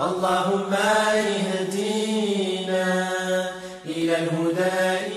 اللهم اهدنا إلى الهدى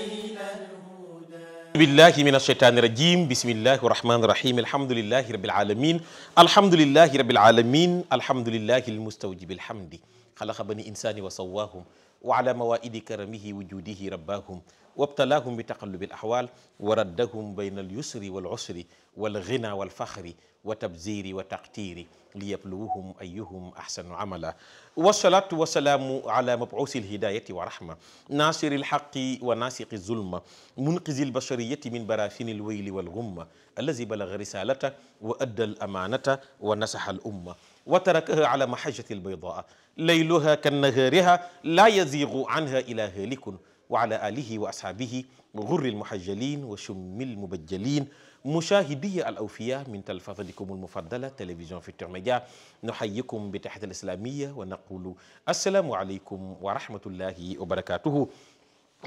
بالله من الشيطان الرجيم بسم الله الرحمن الرحيم الحمد لله رب العالمين الحمد لله رب العالمين الحمد لله المستوجب الحمد خلق بني إنسان وسواهم وعلى موائد كرمه وجوده رباهم wabtalaahum bi taqallubil ahwaal wa raddahum bayna al yusri wal usri wal ghina wal fakhri wa tabziri wa taqtiri liyabluwahum ayyuhum ahsanu amala wasalaatu wasalaamu ala mabuusi alhidayati wa rahma nasiri alhaqi wa nasiqi zulma munqizi albashariyati min barafini alwayli walghumma allazi balaga risalata wa adda alamanata wa nasaha alumma وتركها على محجة البيضاء ليلها كالنهارها لا يزيغ عنها إلا هالك wa ala alihi wa ashaabihi gurri almuhajjalin wa shummi almubajjalin mushaahidiyi al awfiya min talfatadikum almufaddala télévision Futurs Médias nuhayyikum bi tahiyatil islamiyya wa naqulu assalaamu aleykum wa rahmatullahi wa barakatuhu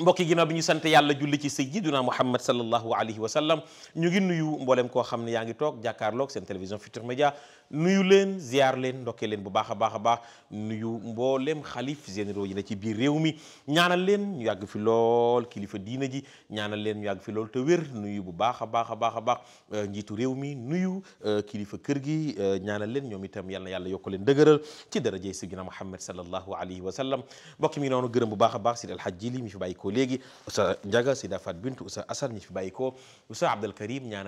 mbokki ginnaaw bi ñu sant yàlla julli ci sayyidina muhammad sallallahu alayhi wa sallam ñu ngi nuyu mboolem koo xam ne yaa ngi toog jàkkaarloog seen télévision Futurs Médias nuyu leen ziar leen ndokkee leen bu baax a baax a baax nuyu mboolem xalif généraux yi na ci biir réew mi ñaanal leen ñu yàgg fi lool kilifa diina ji ñaanal leen ñu yàgg fi lool te wér nuyu bu baax a baax a baax a baax euh, njiitu réew mi nuyu euh, kilifa kër gi euh, ñaanal leen ñoom itam yal na yàlla yokk leen dëgëral ci darajey sayyidina Muhammad sallallahu alayhi wa sallam mbokk mi noonu gërëm bu baax a baax Sidi Alhaj Jili mi fi bàyyi ko léegi Oustaz Ndiaga Sida Fat Bintu Oustaz Assane mi fi bàyyi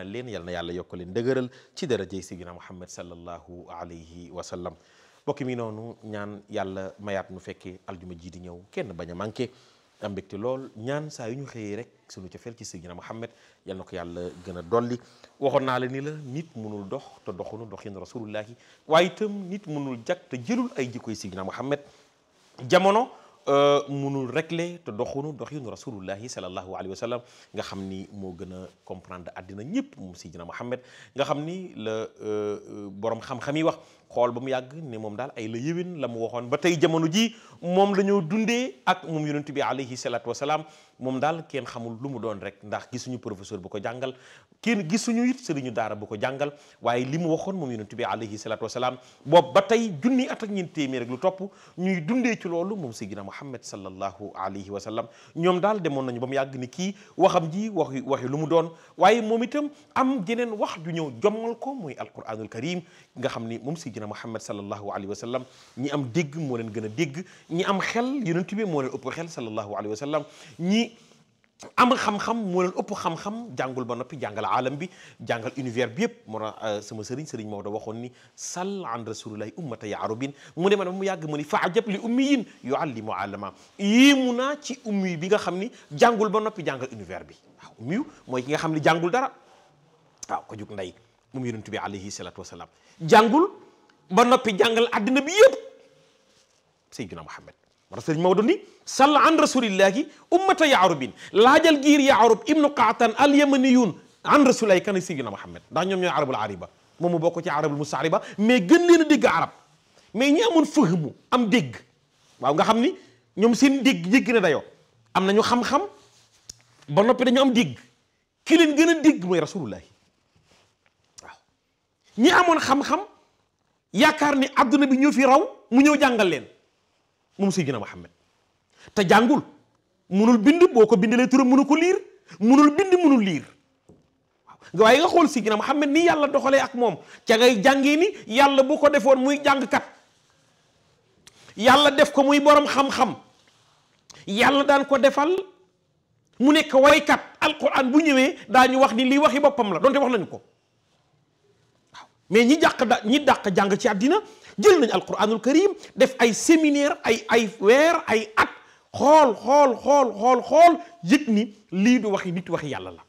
leen yal na yàlla yokk leen dëgëral ci darajey sayyidina Muhammad sallallahu sallallahu alayhi wa sallam mbokk mi noonu ñaan yàlla mayaat nu fekkee aljuma ji di ñëw kenn bañ a manqué am lool ñaan saa yu ñu xëyee rek suñu cofeel ci Seydina Muhammad yal na ko yàlla gën a dolli waxoon naa la ni la nit mënul dox te doxunu doxin rasulullahi waaye itam nit mënul jag te jëlul ay jikkoy Seydina Muhammad jamono Euh, munul régler te doxunu doxinu rasulullahi sallallahu alayhi wa sallam nga xam ni moo gën a comprendre àddina ñëpp moom Seydina Mohamed nga xam ni la euh, euh, borom xam-xam yi wax xool ba mu yàgg ne moom daal ay la yëwin la mu waxoon ba tey jamono ji moom la ñoo dundee ak moom yonent bi alayhi salaatu wasalaam moom daal kenn xamul lu mu doon rek ndax gisuñu professeur bu ko jàngal kenn gisuñu it sëriñu daara bu ko jàngal waaye li mu waxoon moom yonent bi alayhi salaatu wasalaam boobu ba tey junni at ak ñeent téeméer rek topp ñuy dundee ci loolu moom sayyidina Muhammad sallallahu alayhi wa sallam ñoom daal demoon nañu ba mu yàgg ni kii waxam ji waxi waxi lu mu doon waaye moom itam am jeneen wax ju ñëw jommal ko mooy alquranul karim nga xam ni moom sayyidina sayyidina muhammad sallallahu wa sallam ñi am dégg moo leen gën a dégg ñi am xel yonent bi moo leen ëpp xel sallallahu alayhi wa am xam-xam moo ëpp xam jàngul ba noppi jàngal aalam bi jàngal bi yëpp moo tax euh, sama sëriñ sëriñ Maodo waxoon ni sal an rasulillahi ummata ya arabin mu ne ma mu yàgg ma ni faajab li ummiyin yuallimu alama yéemu naa ci ummi bi nga xam ni jàngul ba noppi jàngal univers bi waaw ummiyu mooy ki nga xam ni jàngul dara waaw ko jug ndey moom yonent bi alayhi salatu wasalaam ba noppi jàngal addina bi yëpp sayyidina Muhammad war sëriñ Maodo ni sall an rasulillahi ummata yaarubin laajal giir yaarub ibnu qaatan al yamaniyun an rasulillahi kan sayyidina Muhammad ndax ñoom ñooy arabul ariba moom mu bokk ci arabul mustaariba mais gën leen a dégg arab mais ñi amoon fëhmu am dégg waaw nga xam ni ñoom seen dégg jéggi na dayoo am nañu xam-xam ba noppi dañu am dégg ki leen gën a dégg mooy rasulullahi waaw ñi amoon xam-xam yaakaar ni adduna bi ñoo fi raw mu ñëw jàngal leen moom Seydina Muhammad te jàngul munul bind boo ko bindalee turam munu ko liir munul bind munul liir waaw waaye nga xool Seydina Muhammad ni yàlla doxalee ak moom ca ngay jàngee ni yàlla bu ko defoon muy jàngkat yàlla def ko muy borom xam-xam yàlla daan ko defal mu nekk waykat alquran bu ñëwee daañu wax ni lii waxi boppam la donte wax nañu ko. mais ñi jàq ñi dàq jàng ci àddina jël nañ alquranul karim def ay séminaire ay ay weer ay at xool xool xool xool xool yëg ni lii du waxi nit waxi yàlla la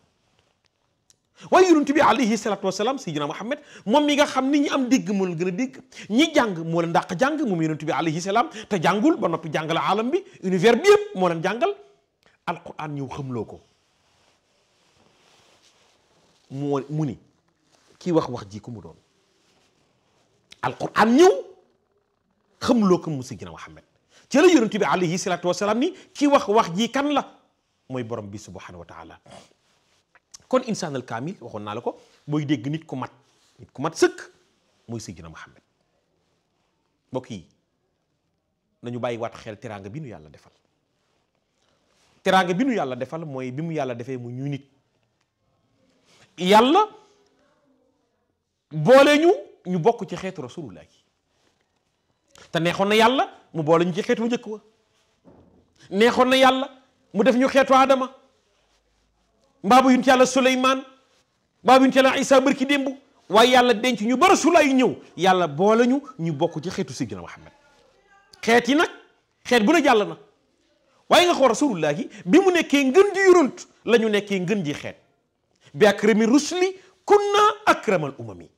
waaye yonent bi alayhi salatu wasalaam sayyidina Muhammad moom mi nga xam ni ñi am dégg mu leen gën a dégg ñi jàng moo leen dàq jàng moom yonent bi alayhi salaam te jàngul ba noppi jàngal aalam bi univers bi yëpp moo leen jàngal alquran ñëw xamloo ko moo mu ni kii wax wax ji ku mu doon alquran ñëw xamuloo ko musi gina Muhammad ci la yonent bi alayhi salaatu wasalaam ni ki wax wax ji kan la mooy borom bi subhanahu wa taala kon insaan al kaamil waxoon naa la ko mooy dégg nit ku mat nit ku mat sëkk mooy Seydina Muhammad mbokk yi nañu bàyyi wat xel teraanga bi nu yàlla defal teraanga bi nu yàlla defal mooy bi mu yàlla defee mu ñu nit yàlla boole ñu ñu bokk ci xeetu rasulullah gi te neexoon na yàlla mu boole ñu ci xeetu njëkk wa neexoon na yàlla mu def ñu xeetu Adama mbaabu yuñ ci yàlla Suleymaan mbaabu yuñ ci yàlla Isa barki démb waaye yàlla denc ñu ba rasulullah yi ñëw yàlla boole ñu ñu bokk ci xeetu Sayyidina Muhammad xeet yi nag xeet bu ne jàll na waaye nga xool rasulullah gi bi mu nekkee ngën ji yuront la ñu nekkee ngën ji xeet bi akrami rusli kunna akramal umami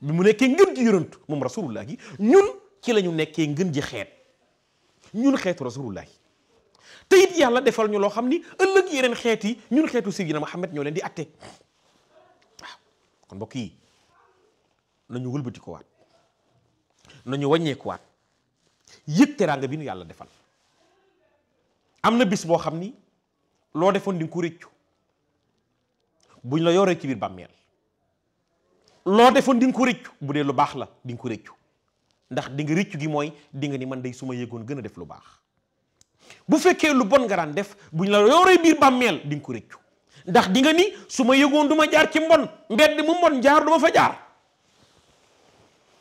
bi mu nekkee ngën ji yonantu moom rasulullah yi ñun ci la nekkee ngën ji xeet ñun xeetu rasulullah yi te yàlla defal ñu loo xam ni ëllëg yeneen xeet yi ñun xeetu Seydina Muhammad ñoo leen di atte kon mbokk yi nañu wëlbati ko waat nañu wàññeeku waat yëg teraanga bi nu yàlla defal am na bis boo xam ni loo defoon di ku ko réccu buñ la yoree ci biir bàmmeel loo defoon di nga ko rëccu bu dee lu baax la di ko rëccu ndax di nga rëccu gi mooy dinga ni man de su ma yëgoon gën a def lu baax bu fekkee lu bon nga daan def bu ñu la yooree biir bàmmeel di nga ko rëccu ndax di nga ni su ma yëgoon duma jaar ci mbon mbedd mu mbon jaar du ma fa jaar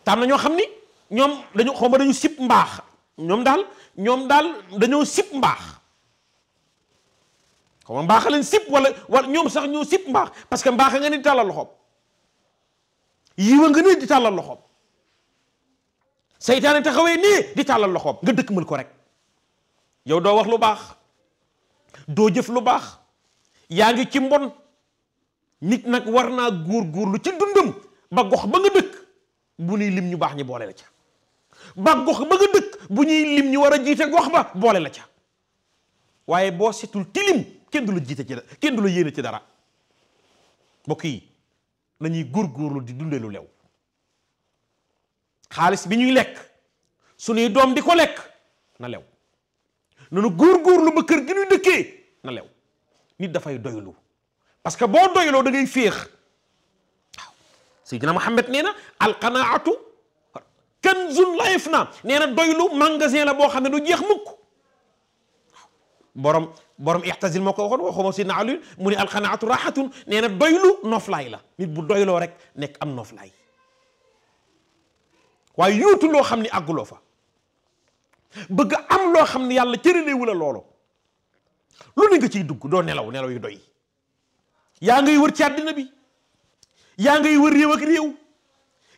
tam na ñoo xam ni ñoom dañoo xaw ma dañu sib mbaax ñoom daal ñoom daal dañoo sib mbaax xaw ma mbaax leen wala wala ñoom sax ñoo sib mbaax parce mbaax nga ni talal loxoom yiwa nga ne di tàllal loxoom seytaane taxawee nii di tàllal loxoom nga dëkk mën ko rek yow doo wax lu baax doo jëf lu baax yaa ngi ci mbon nit nag war naa góor góorlu ci dundam ba gox ba nga dëkk bu ñuy lim ñu baax ñi boole la ca ba gox ba nga dëkk bu ñuy lim ñu war a jiite gox ba boole la ca waaye boo setul tilim kenn du la jiite ci dara kenn du la yéene ci dara mbokk yi nañuy góor góorlu di dundee lu lew xaalis bi ñuy lekk suñuy doom di ko lekk na lew nanu góorgóorlu ba kër gi ñuy dëkkee na lew nit dafay doylu parce que boo doyloo da ngay féex waaw Seydina Muhammad nee na alqanaatu kanzun la yafnaa nee na doylu magasin la boo xam ne du jeex mukk borom borom ixtasil moo ko waxoon waxuma sidna Aliyu mu ne alqanaatu raxatun nee na doylu noflaay la nit bu doyloo rek nekk am noflaay waaye yuutu loo xam ne àgguloo fa bëgg am loo xam ne yàlla cëraleewu la loolo lu ne nga ciy dugg doo nelaw nelaw yu doy yaa ngay wër ci àddina bi yaa ngay wër réew ak réew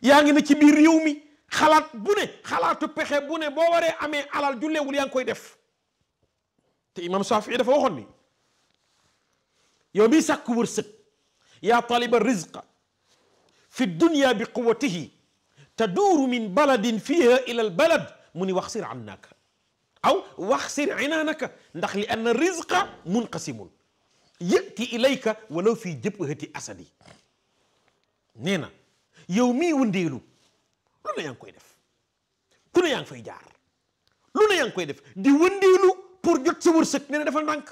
yaa ngi ne ci biir réew mi xalaat bu ne xalaatu pexe bu ne boo waree amee alal ju leewul yaa ngi koy def te imam Shafii dafa waxoon ni yow miy sàkku wërsëg yaa taliba rizqa fi dunya bi quwatihi taduuru min baladin fiha ila albalad mu ni wax sir annaaka aw wax sir inaanaka ndax li anna rizqa munqasimun yëti ilayka walaw fii jëbhati asadi nee na yow mii wëndeelu lu ne yaa ngi koy def ku ne yaa ngi fay jaar lu ne yaa ngi koy def di wëndeelu pour jot sa wërsëg nee na dafa ndànk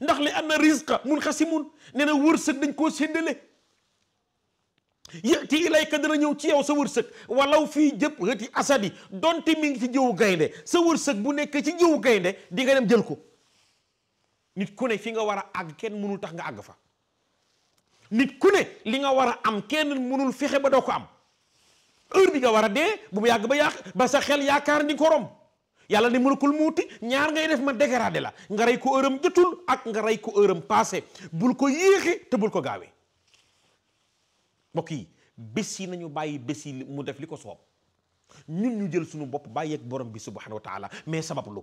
ndax li anna rizqa mun xasimun nee na wërsëg dañ koo séddale yëti ilayka dana ñëw ci yow sa wërsëg walaw fii jëpp hëti asadi donte mi ngi ci jëwu gaynde sa wërsëg bu nekk ci jëwu gaynde di nga dem jël ko nit ku ne fi nga war a àgg kenn mënul tax nga àgg fa nit ku ne li nga war a am kenn mënul fexe ba doo ko am heure bi nga war a dee bu mu yàgg ba yàq ba sa xel yaakaar ni korom yàlla ne mulkul muuti ñaar ngay def ma dégradé la nga rey ko ërëm jotul ak nga rey ko ërëm passé bul ko yéexi te bul ko gaawee mbokk yi bés yi nañu bàyyi bés yi mu def li ko soob ñun ñu jël suñu bopp bàyyi ak borom bi subhanahu wa taala mais sabab lu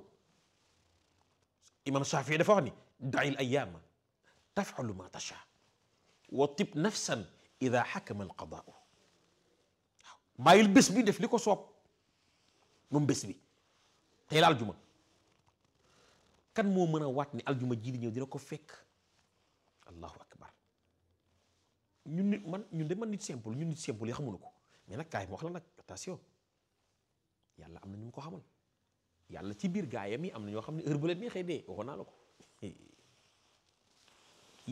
imam Shafii dafa wax ni dail ayaama tafalu ma tacha wa tib nafsan ida xakama alqadaau waaw bàyyil bés bi def li ko soob moom bés bi tey la aljuma kan moo mën a wat ni aljuma ji li ñëw dina ko fekk allahu akbar ñun nit man ñun de man nit simple ñun nit simple yi xamuñu ko mais nag kaay ma wax la nag attention yàlla am na ñu ko xamal yàlla ci biir gaayam yi am na ñoo xam ne heure bu leen neexee dee waxoon naa ko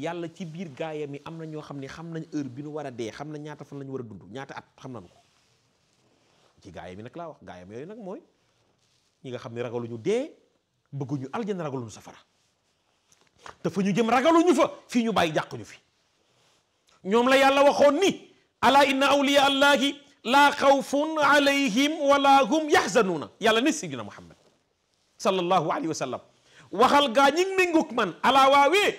yàlla ci biir gaayam yi am na ñoo xam ne xam nañ heure bi nu war a dee xam na ñaata fan la ñu war a dund ñaata at xam nañ ko ci gaayam yi nag laa wax gaayam yooyu nag mooy ñi nga xam ne ragaluñu dee bëgguñu aljana ragaluñu safara te fa ñu jëm ragaluñu fa fii ñu bàyyi jàq ñu fi ñoom la yàlla waxoon ni ala inna awliya allahi laa xawfun alayhim wala hum yaxzanuuna yàlla ni sidina muhammad sallallahu alayhi wa sallam waxal gaa ñi ménguk man ala waawee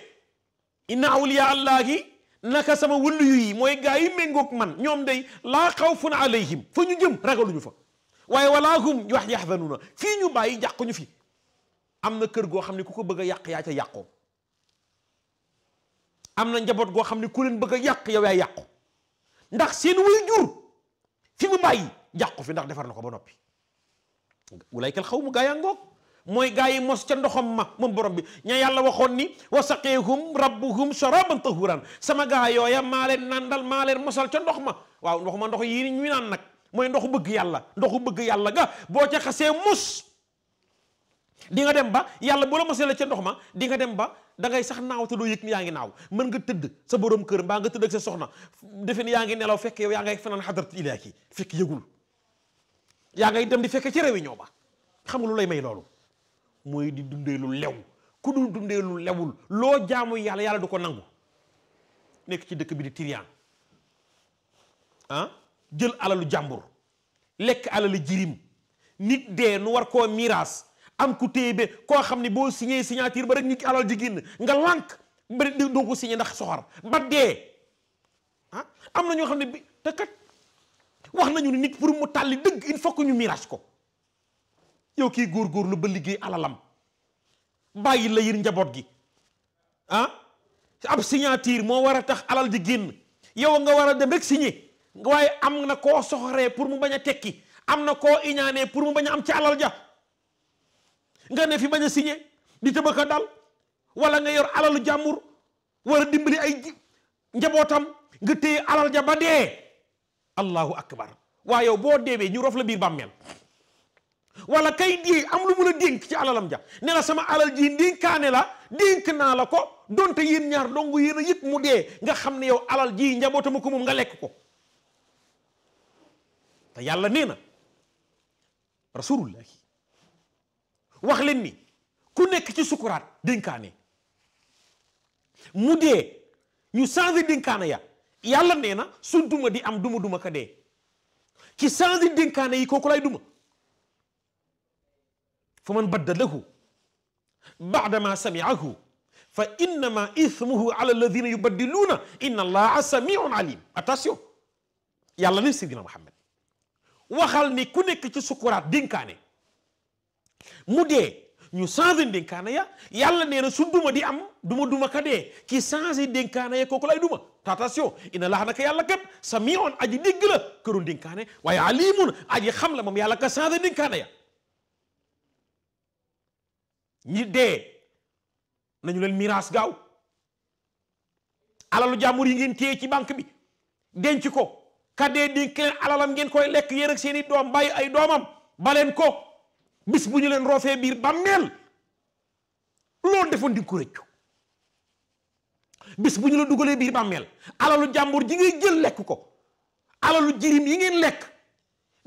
inna awliya allahi naka sama wëllu yu mooy gaa yi ménguk man ñoom day la xawfun alayhim fa ñu jëm ragaluñu fa waaye walaa hum wax yaxzanuuna fii ñu bàyyi jàq ñu fi am na kër goo xam ne ku ko bëgg a yàq yaa ca yàqoo am na njaboot goo xam ne ku leen bëgg a yàq yow yaa yàqu ndax seen way jur fi mu bàyyi jàqu fi ndax defar na ko ba noppi wulaykal xaw mu gaa yaa ngoog mooy gaa yi mos ca ndoxam ma moom borom bi ña yàlla waxoon ni wa saqeehum rabbuhum sharaban tahuran sama gaa yooya maa leen nandal maa leen mosal ca ndox ma waaw ndox ma ndox yii ñuy naan nag mooy ndoxu bëgg yàlla ndoxu bëgg yàlla ga boo ca xasee mus di nga dem ba yàlla bu la mosee la ca ndox ma di nga dem ba da ngay sax naaw te doo yëg ni yaa ngi naaw mën nga tëdd sa borom kër mbaa nga tëdd sa soxna defe ni yaa ngi nelaw fekk yow yaa ngay fanaan xadarat ilaahi fekk yëgul yaa ngay dem di fekk ci réunion ba xam nga lu lay may loolu mooy di dundee lu lew ku dul dundee lu lewul loo jaamu yàlla yàlla du ko nangu nekk ci dëkk bi di tiriyaan ah? jël alalu jàmbur lekk alalu jirim nit dee nu war koo miraas am ku téye be koo xam ne boo signé signature ba rek nit alal ji génn nga lànk ba doo ko signé ndax soxar ba dee ah, am na ñoo xam ne bi te kat wax nañu ne nit pour mu tàlli dëgg il faut que ñu miraas ko yow kii góor góorgóorlu ba liggéey alalam bàyyi la yir njaboot gi ah ab signature moo war a tax alal ji génn yow nga war a dem rek signé waaye am na koo soxoree pour mu bañ a tekki am na koo iñaanee pour mu bañ a am ci alal ja nga ne fi bañ a signé di a dal wala nga yor alalu jàmbur war a dimbali ay njabootam nga téye alal ja ba dee allahu akbar waa yow boo deebee ñu rof la biir bàmmeel wala kay dee am lu mun a dénk ci alalam ja nela sama alal ji ndénkaane la dénk naa la ko donte yéen ñaar dong yéen a yëg mu dee nga xam ne yow alal ji njabootama ko moom nga lekk ko te yàlla nee na rasulullahi wax leen ni ku nekk ci sukuraat dénkaane mu dee ñu changé dénkaane ya yàlla nee na su duma di am duma duma ka dee ci changé dénkaane yi kooku lay duma fa man baddalahu baada ma samiahu fa innama ithmuhu ala alladina yubaddiluuna inna allaha samiun alim attention yàlla ne Seydina Muhammad waxal ni ku nekk ci sukuraat dénkaane mu dee ñu changé dénkaane ya yàlla nee na su duma di am duma duma ka dee ki changé dénkaane ya kooku lay duma attention ina laax naka yàlla kat samiun aji dégg la këru dénkaane waaye alimun aji xam la moom yàlla ka changé dénkaane ya ñi dee nañu leen miraas gaaw alalu jàmbur yi ngeen téye ci banque bi denc ko kaddee dénk leen ngeen koy lekk yéen seeni doom bàyyi ay doomam baleen ko bis bu ñu leen roofee biir bàmmeel loolu defoon di ko rëccu bis bu ñu la dugalee biir bàmmeel alalu jàmbur ji ngay jël lekk ko alalu jirim yi ngeen lekk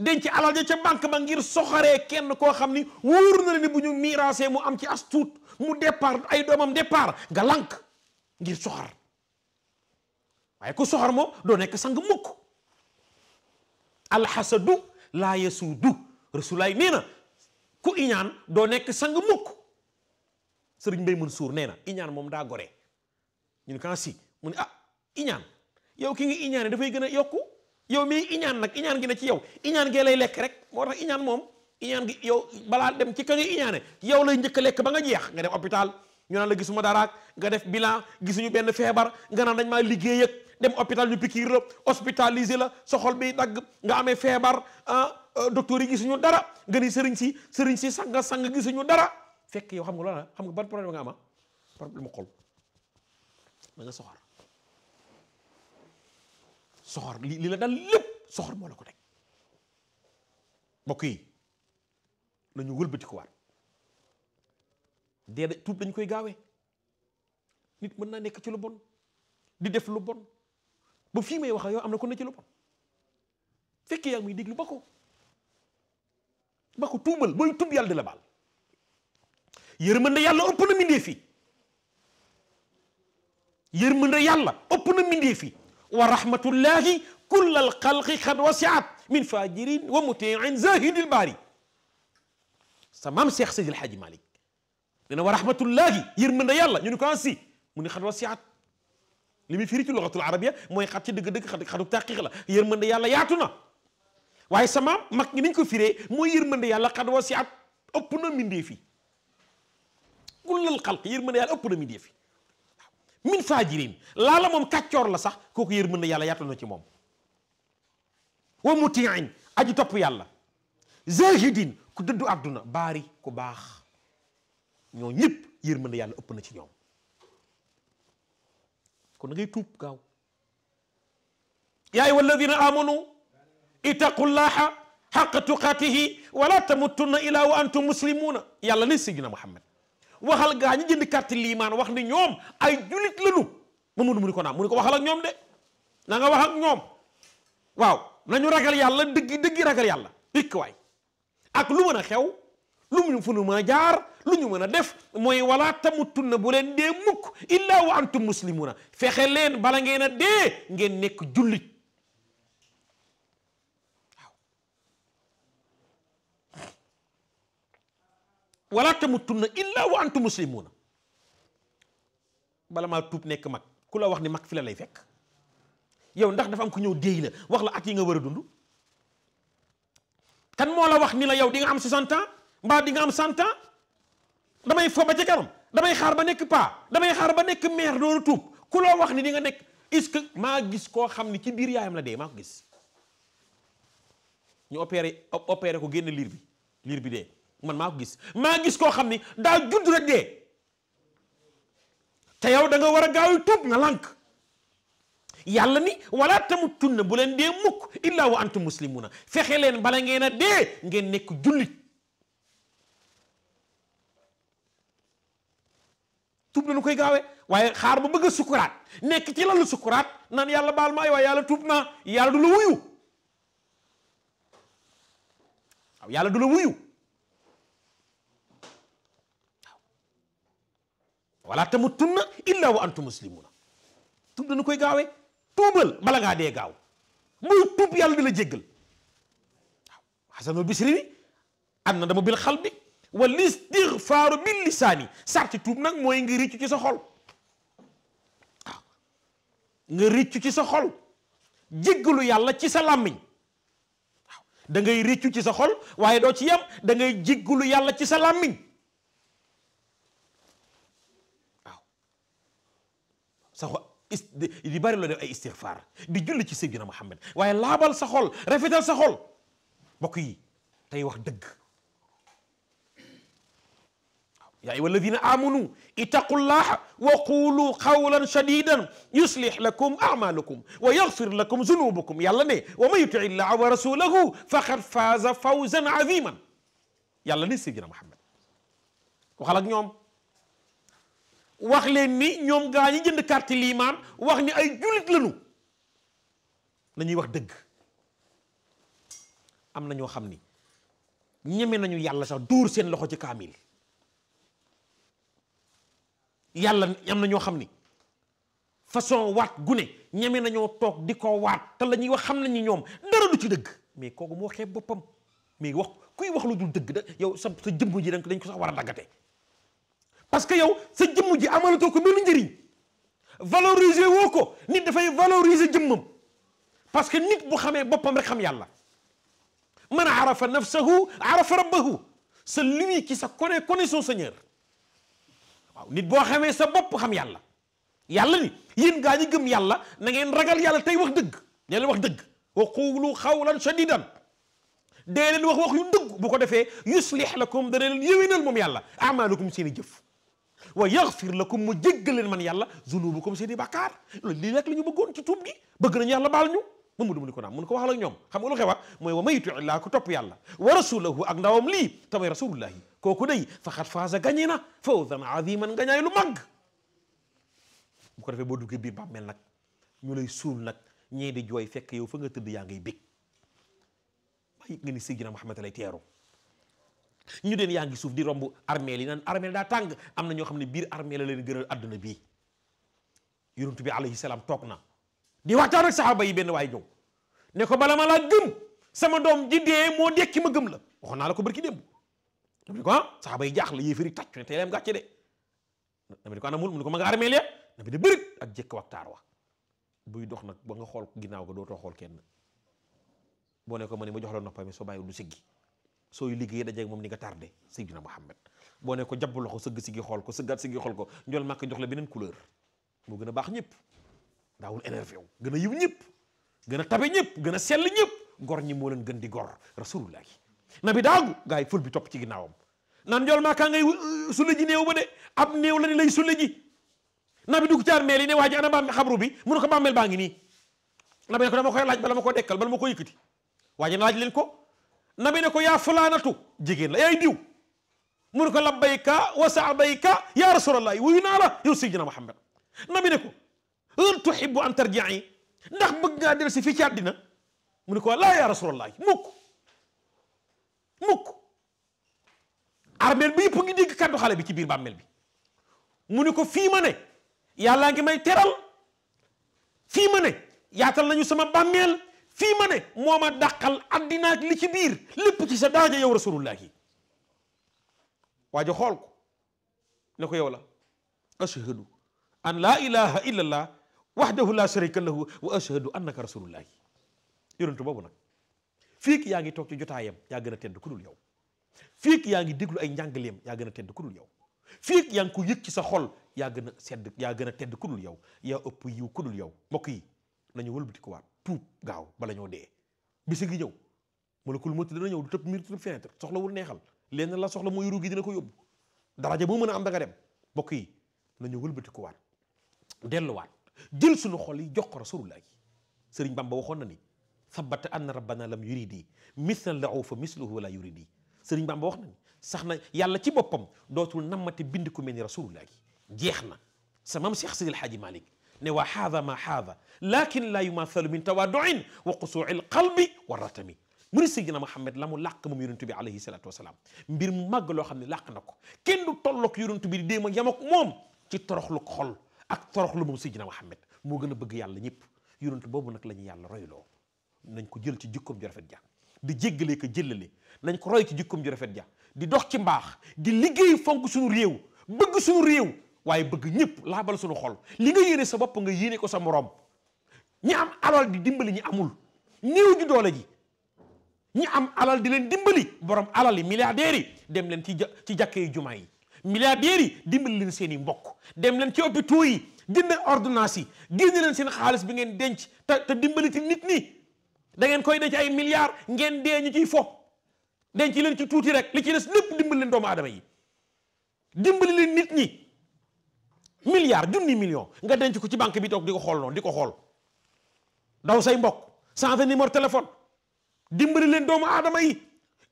denc alal ja ca bànk ba ngir soxaree kenn koo xam ni wóor na la bu ñu miraasee mu am ci as tuut mu départ ay doomam départ nga lànk ngir soxar waaye ku soxar moom doo nekk sang mukk alxasadu laa yasuudu rasulaay nee na ku iñaan doo nekk sang mukk sëriñ Mbay Mansuur nee na iñaan moom daa gore ñu ne ah, si mu ne ah iñaan yow ki ngi iñaane dafay gën a yokku yow mii iñaan nag iñaan gi ne ci yow iñaan gee lay lekk rek moo tax iñaan moom iñaan gi yow balaa dem ci ka nga iñaane yow lay njëkk lekk ba nga jeex nga dem hôpital ñu naan la gisuma dara nga def bilan gisuñu benn feebar nga naan dañ maa liggéey ak dem hôpital ñu pikiir la hospitalisé la soxol bi dagg nga amee feebar ah euh, yi gisuñu dara nga ni sëriñ si sëriñ si sanga sang gisuñu dara fekk yow xam nga loola ah, xam nga ban problème nga ama ah, problème mu xol da nga soxor soxor lii li la dal lépp soxor moo la ko teg mbokk yi la ñu wëlbatikuwaat dee da tuub koy gaawe nit mën naa nekk ci lu di def lu bon ba fii may wax ak yow am na ko ne ci lu bon fekkee yaa ngi muy ba ko ba ko tuubal booy tuub yàlla di la baal yërmande yàlla ëpp na mindee fii yërmande yàlla ëpp na mindee fii wa rahmatullahi kullal xalqi xad wasiat min fajirin wa mutiin zahidil baari sa maam Seex Seydil Xaaji Malik dina wa rahmatullahi yërmande yàlla ñu ni ko ansi ah, mu ni xad wasiat li muy firi ci luxatul arabia mooy xat ci dëgg-dëgg xat xatu taqiq la yërmande yàlla yaatu na waaye sama mag ñi niñ ko firee mooy yërmande yàlla xad wasiat ëpp na mindee fi kullal xalq yërmande yàlla ëpp na mindee fi min faajirin laa la moom la sax kooku yërmande yàlla yaatu na ci moom wa mutiin aji topp yàlla zahidin ku dëddu àdduna baari ku baax ñoo ñëpp yërmande yàlla ëpp na ci ñoom kon da ngay tuub gaaw yaa ayyuha alladina amanu ittaqullaha xaqa illa wa antum muslimuuna yàlla ne sayyidina Muhammad waxal gaa ñi jënd carte liimaan wax ni ñoom ay julit lañu ma mënu mu ni ko naam mu ko waxal ak ñoom de na wax ak ñoom waaw nañu ragal yàlla dëgg dëgg ragal yàlla ikk waay ak lu mën a xew lu mu fu nu jaar lu ñu mën a def mooy tun na bu leen dee mukk illa wa antum muslimuna fexe leen bala ngeen a dee ngeen nekk jullit wala tamutunna illa wa antum muslimuna bala maa tuub nekk mag ku la wax ni mag fi la lay fekk yow ndax dafa am ku ñëw déey la wax la at yi nga war a dund kan moo la wax ni la yow di nga am 60 ans mbaa dinga am santa damay fo ba ca kanam damay xaar ba nekk paa damay xaar ba nekk maire dooru tuub ku loo wax ni di nga nekk est-ce que maa gis koo xam ni ci biir yaayam la de maa ko gis ko génn liir bi liir bi dee man maa gis maa gis koo xam ni daa judd rek dee te yow danga war a gaaw a tuub nga lànk yàlla ni wala tamuttunna bu leen dee mukk illa wa antum muslimuna fexe leen bala ngeen a de ngeen nekk jullit tuub na nu koy gaawee waaye xaar ba bëgg a nekk ci lalu sukuraat naan yàlla baal ma waaye yàlla tuub naa yàlla du la wuyu waaw yàlla du la muslimuna tuub na nu koy gaawee tuubal bala dee gaaw muy tuub yàlla di la jéggal waaw xasanu bisri bi am na xal wal istighfaaru bil lisaani sarti tuub nag mooy nga rëccu ci sa xol nga rëccu ci sa xol jéggalu yàlla ci sa làmmiñ waaw da ci sa xol waaye doo ci yem dangay ngay jéggalu yàlla ci sa làmmiñ waaw sa xol di bari loo def ay istighfaar di julli ci Seydina Muhammad waaye laabal sa xol rafetal sa xol mbokk yi tey wax dëgg يا أيها الذين آمنوا اتقوا الله وقولوا قولا سديدا يصلح لكم أعمالكم ويغفر لكم ذنوبكم yàlla ne ومن يطع الله ورسوله فقد فاز فوزا عظيما yàlla ne Seydina Muhammad waxal ak ñoom wax leen ni ñoom gaa ñi jënd carte limaan wax ni ay jullit lañu nañuy wax dëgg am na ñoo xam ni ñeme nañu yàlla sax dóor seen loxo ci kaamil yàlla am na ñoo xam ni façon waat gune ñeme nañoo toog di ko waat te la ñuy wax xam nañu ñoom dara du ci dëgg mais kooku moo xeeb boppam mais wax kuy wax lu dul dëgg da yow sa sa jëmm ji dañ ko sax war a daggate parce que yow sa jëmm ji amalatoo ko benn njëriñ valoriser woo ko nit dafay valoriser jëmmam parce que nit bu xamee boppam rek xam yàlla man arafa nafsahu arafa rabbahu celui qui se connaît connaît son seigneur waaw nit boo xamee sa bopp xam yàlla yàlla ni yéen gaa ñi gëm yàlla na ngeen ragal yàlla tey wax dëgg nee wax dëgg wa quulu xawlan shadidan dee leen wax wax yu dëgg bu ko defee yuslih lakum dana leen yéwénal moom yàlla amalukum seen i jëf wa yaxfir lakum mu jéggal leen man yàlla zunubukum seen i bàkkaar loolu lii rek la ñu bëggoon ci tuub gi bëgg nañu yàlla baal ñu Mamadou mu ni ko naam mun ko wax ak ñoom xam nga lu xewa ah? mooy wa maytu illaa ku topp yàlla suula rasulahu ak ndawam lii tamay rasulullahi kooku day faxat faasa a na fawzan aziman gañaay lu mag bu ko defee boo duggee biir bàmmeel nag ñu lay suul nag ñee di jooy fekk yow fa nga tëdd yaa ngay bég waaye nga ni Seydina Muhammad lay teeru ñu deen yaa ngi suuf di romb armeel yi naan armeel daa tàng am na ñoo xam ne biir armeel la leen gënal àdduna bii yonent bi alayhi salaam toog na di waxtaan ak saxaaba yi benn waay ñëw ne ko bala ma laa gëm sama doom ji moo dekki ma gëm la waxoon naa la ko barki démb dama ne ko ah saxaaba yi jaaxle yéefari tàcc ne tey la de dama ne ko anamul mu ne ko ma nga armeel ya dama ak jëkk waxtaar wa buy dox nag ba nga xool ginnaaw ga dootoo xool kenn boo ne ko ma ne ma jox la noppam soo bàyyi du siggi sooy liggéey dajeeg moom ni nga tardé Seydina Muhammad boo ne ko jàpp loxo sëgg si gi xool ko sëggaat si gi xool ko njol màkk jox la beneen couleur moo gën a baax ñëpp daawul énervé wu gën a yiw ñëpp gën a tabe ñëpp gën a sell ñëpp gor ñi moo leen gën di gor rasulullah na bi daagu gaa yi ful bi topp ci ginnaawam nan jool maakaa ngay euh, sulle ji néew ba de ab néew la ni lay sulle ji na bi dugg ci armeel yi ne waa ji ana bàmmeel xabru bi mun ko bàmmeel baa ngi nii na bi ne koy laaj bala ma ko dekkal bala ma ko yëkkati waa ji na laaj leen ko na bi ko yaa fulaanatu jigéen la yaay diw mun ko labbayka wa saabayka yaa rasulallah wuyu naa la yow sayyidina Muhammad na bi ko hal tuhibbu an tarji'i ndax bëgg ngaa dellu si fii ci àddina mu ne ko laa yaa rasulallahi mukk mukk armeel bi yëpp ngi dégg kàddu xale bi ci biir bàmmeel bi mu ne ko fii ma ne yàllaa ngi may teral fii ma ne yaatal nañu sama bàmmeel fii ma ne moo ma dàqal àddina ak li ci biir lépp ci sa daaja yow rasulullahi waa ji xool ko ne ko yow la ashhadu an laa ilaha illallah wahdahu la sharika lahu wa ashhadu annaka rasulullahi yonentu boobu nag fii yaa ngi toog ci jotaayam yaa gën a tedd ku dul yow fii yaa ngi déglu ay njàngaleem yaa gën ku yow fii ki yaa yëg ci sa xol yaa gën a sedd yaa tedd ku dul yow yaa ëpp yiw ku dul yow mbokk yi nañu wëlbati ko waat tuub gaaw bala ñoo dee bisi ngi ñëw malakul mawti dana ñëw du tëb miir du tëb fenêtre soxlawul neexal leen la soxla mooy ruu gi dina ko yóbbu daraja boo mën a am da dem mbokk yi nañu wëlbati ko waat delluwaat jël suñu xol yi jox ko rasulullah sëriñ Bamba waxoon na ni sabata anna rabbana lam yuridi mislan lahu fa misluhu wala yuridi sëriñ Bamba wax na ni sax na yàlla ci boppam dootul nammate bind ku mel ni rasulullah jeex na sa maam Cheikh Sidil Hadji Malick ne waa haada ma haada lakin laa yumaathalu min tawaaduin wa xusuuci alqalbi wa ratami mu ni Seydina Muhammad la mu làq moom yonent bi alayhi salaatu wasalaam mbir mu màgg loo xam ne làq na ko kenn du tolloog yonent bi di déem ak yam ak moom ci toroxlu xol ak toroxlu moom Seydina Muhammad moo gën a bëgg yàlla ñëpp yonent boobu nag lañu yàlla royloo nañ ko jël ci jikkoom ju rafet ja di jéggalee ko jëllale nañ ko roy ci jikkoom ju rafet ja di dox ci mbaax di liggéey fonk suñu réew bëgg suñu réew waaye bëgg ñëpp laabal suñu xol li nga yéene sa bopp nga yéene ko sa moroom ñi am alal di dimbali ñi amul néew ju doole ji ñi am alal di leen dimbali borom alal yi milliardaires yi dem leen ci ci jàkkee jumaa yi milliardaires yi dimbali leen seen mbokk dem leen ci hôpitaux yi jënd ordonnance yi génne leen seen xaalis bi ngeen denc te te dimbali ti nit ñi da ngeen koy denc ay milliards ngeen dee ñu ciy fo denc leen ci tuuti rek li ci des lépp dimbali doomu aadama dimbali leen nit ñi milliards junni million nga denc ko ci banque bi toog di ko xool noonu di ko xool daw say mbokk changé numéro téléphone dimbali leen doomu aadama yi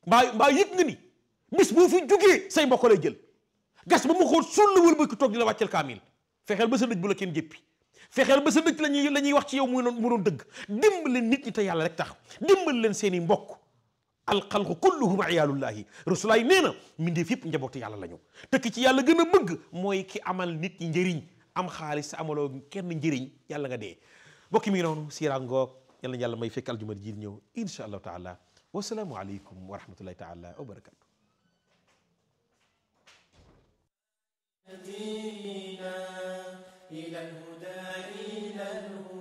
mbaa mbaa yëg nga ni bis boo fi jugee say mbokk lay jël gas ba mu xóot suul la wëlbati toog di la wàcceel kaamil fexeel ba sa dëj bu la kenn jéppi fexeel ba sa dëj la ñuy la ñuy wax ci yow mu doon mu dëgg dimbal leen nit ñi te yàlla rek tax dimbal leen seen i mbokk alxalqu kulluhum iyaalullahi rasulaay nee na mbindeef yëpp njabootu yàlla la ñu te ki ci yàlla gën a bëgg mooy ki amal nit ñi njëriñ am xaalis amaloo kenn njëriñ yàlla nga dee mbokki mi noonu siira ngoog yal na yàlla may fekk aljuma ji ñëw incha allahu taala wasalaamu aleykum wa rahmatullahi taala هدينا إلى الهدى إلى الهدى